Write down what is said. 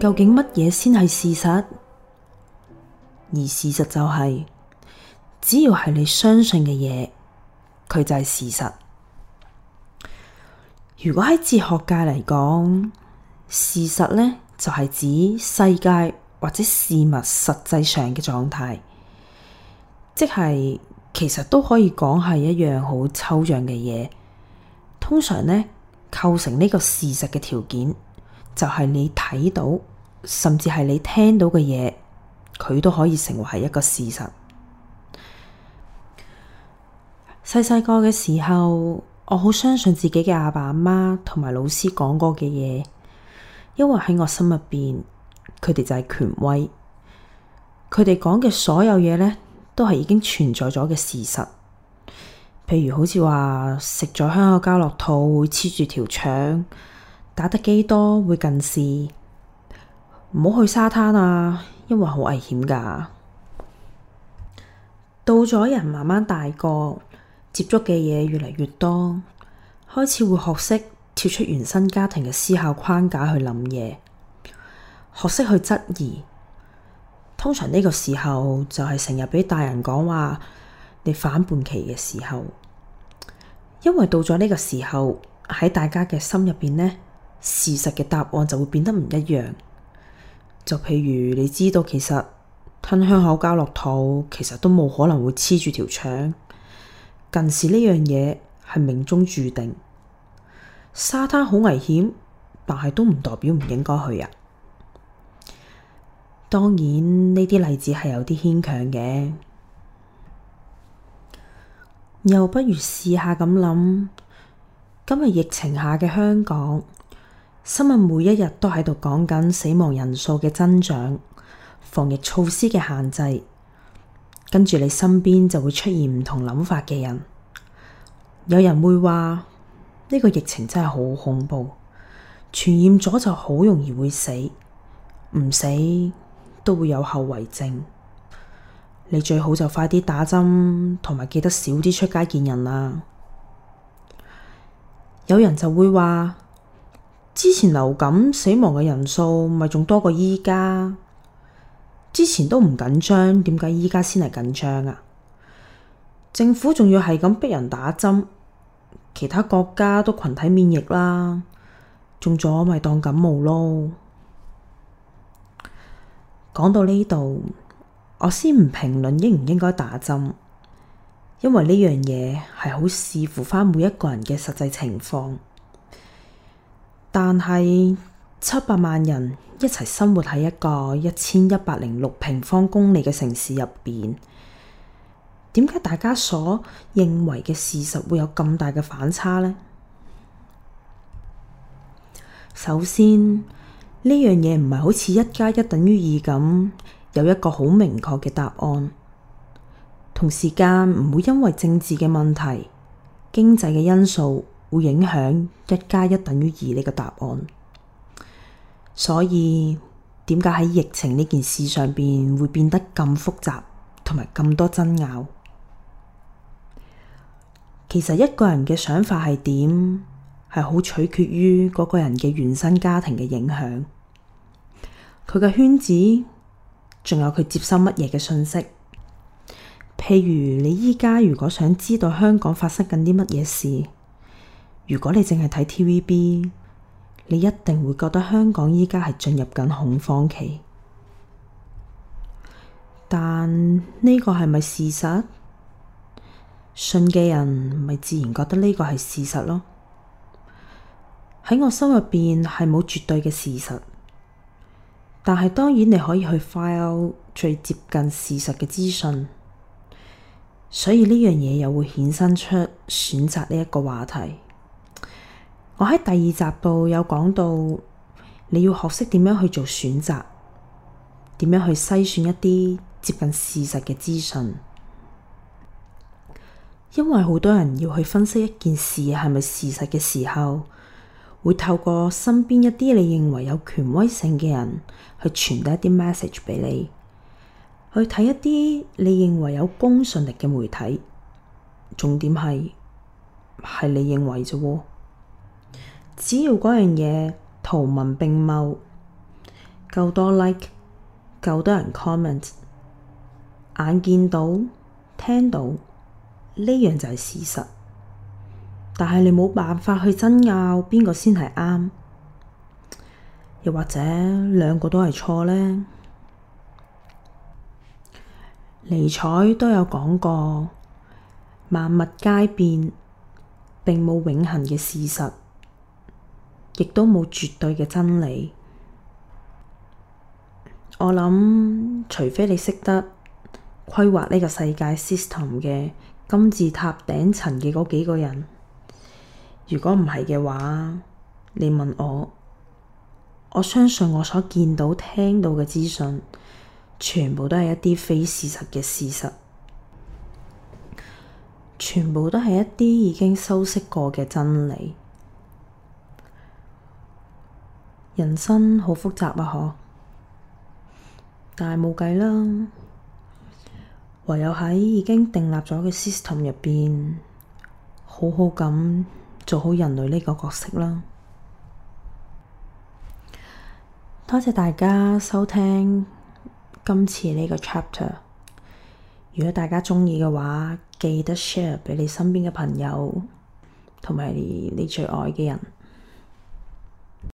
究竟乜嘢先係事實？而事實就係，只要係你相信嘅嘢，佢就係事實。如果喺哲學界嚟講，事實咧就係指世界或者事物實際上嘅狀態，即係其實都可以講係一樣好抽象嘅嘢。通常咧構成呢個事實嘅條件。就係你睇到，甚至係你聽到嘅嘢，佢都可以成為係一個事實。細細個嘅時候，我好相信自己嘅阿爸阿媽同埋老師講過嘅嘢，因為喺我心入邊，佢哋就係權威，佢哋講嘅所有嘢呢，都係已經存在咗嘅事實。譬如好似話食咗香口膠落肚會黐住條腸。打得幾多會近視，唔好去沙灘啊，因為好危險㗎。到咗人慢慢大個，接觸嘅嘢越嚟越多，開始會學識跳出原生家庭嘅思考框架去諗嘢，學識去質疑。通常呢個時候就係成日畀大人講話你反叛期嘅時候，因為到咗呢個時候喺大家嘅心入邊呢。事實嘅答案就會變得唔一樣。就譬如你知道，其實吞香口膠落肚，其實都冇可能會黐住條腸。近視呢樣嘢係命中注定。沙灘好危險，但係都唔代表唔應該去啊。當然呢啲例子係有啲牽強嘅，又不如試下咁諗，今日疫情下嘅香港。新聞每一日都喺度講緊死亡人數嘅增長、防疫措施嘅限制，跟住你身邊就會出現唔同諗法嘅人。有人會話呢個疫情真係好恐怖，傳染咗就好容易會死，唔死都會有後遺症。你最好就快啲打針，同埋記得少啲出街見人啦。有人就會話。之前流感死亡嘅人數咪仲多過而家，之前都唔緊張，點解而家先係緊張啊？政府仲要係咁逼人打針，其他國家都群體免疫啦，中咗咪當感冒咯。講到呢度，我先唔評論應唔應該打針，因為呢樣嘢係好視乎翻每一個人嘅實際情況。但係七百萬人一齊生活喺一個一千一百零六平方公里嘅城市入邊，點解大家所認為嘅事實會有咁大嘅反差呢？首先，呢樣嘢唔係好似一加一等於二咁，有一個好明確嘅答案，同時間唔會因為政治嘅問題、經濟嘅因素，會影響一加一等於二呢個答案，所以點解喺疫情呢件事上邊會變得咁複雜，同埋咁多爭拗？其實一個人嘅想法係點，係好取決於嗰個人嘅原生家庭嘅影響，佢嘅圈子，仲有佢接收乜嘢嘅信息。譬如你而家如果想知道香港發生緊啲乜嘢事。如果你淨係睇 TVB，你一定會覺得香港而家係進入緊恐慌期。但呢個係咪事實？信嘅人咪自然覺得呢個係事實咯。喺我心入邊係冇絕對嘅事實，但係當然你可以去 file 最接近事實嘅資訊。所以呢樣嘢又會衍生出選擇呢一個話題。我喺第二集度有講到，你要學識點樣去做選擇，點樣去篩選一啲接近事實嘅資訊。因為好多人要去分析一件事係咪事實嘅時候，會透過身邊一啲你認為有權威性嘅人去傳遞一啲 message 畀你，去睇一啲你認為有公信力嘅媒體。重點係係你認為啫喎。只要嗰樣嘢圖文並茂，夠多 like，夠多人 comment，眼見到、聽到呢樣就係事實。但係你冇辦法去爭拗邊個先係啱，又或者兩個都係錯呢？尼采都有講過，萬物皆變，並冇永恆嘅事實。亦都冇絕對嘅真理。我諗，除非你識得規劃呢個世界 system 嘅金字塔頂層嘅嗰幾個人，如果唔係嘅話，你問我，我相信我所見到、聽到嘅資訊，全部都係一啲非事實嘅事實，全部都係一啲已經修飾過嘅真理。人生好複雜啊，嗬！但係冇計啦，唯有喺已經訂立咗嘅 system 入邊，好好咁做好人類呢個角色啦。多謝大家收聽今次呢個 chapter。如果大家鍾意嘅話，記得 share 畀你身邊嘅朋友同埋你，你最愛嘅人。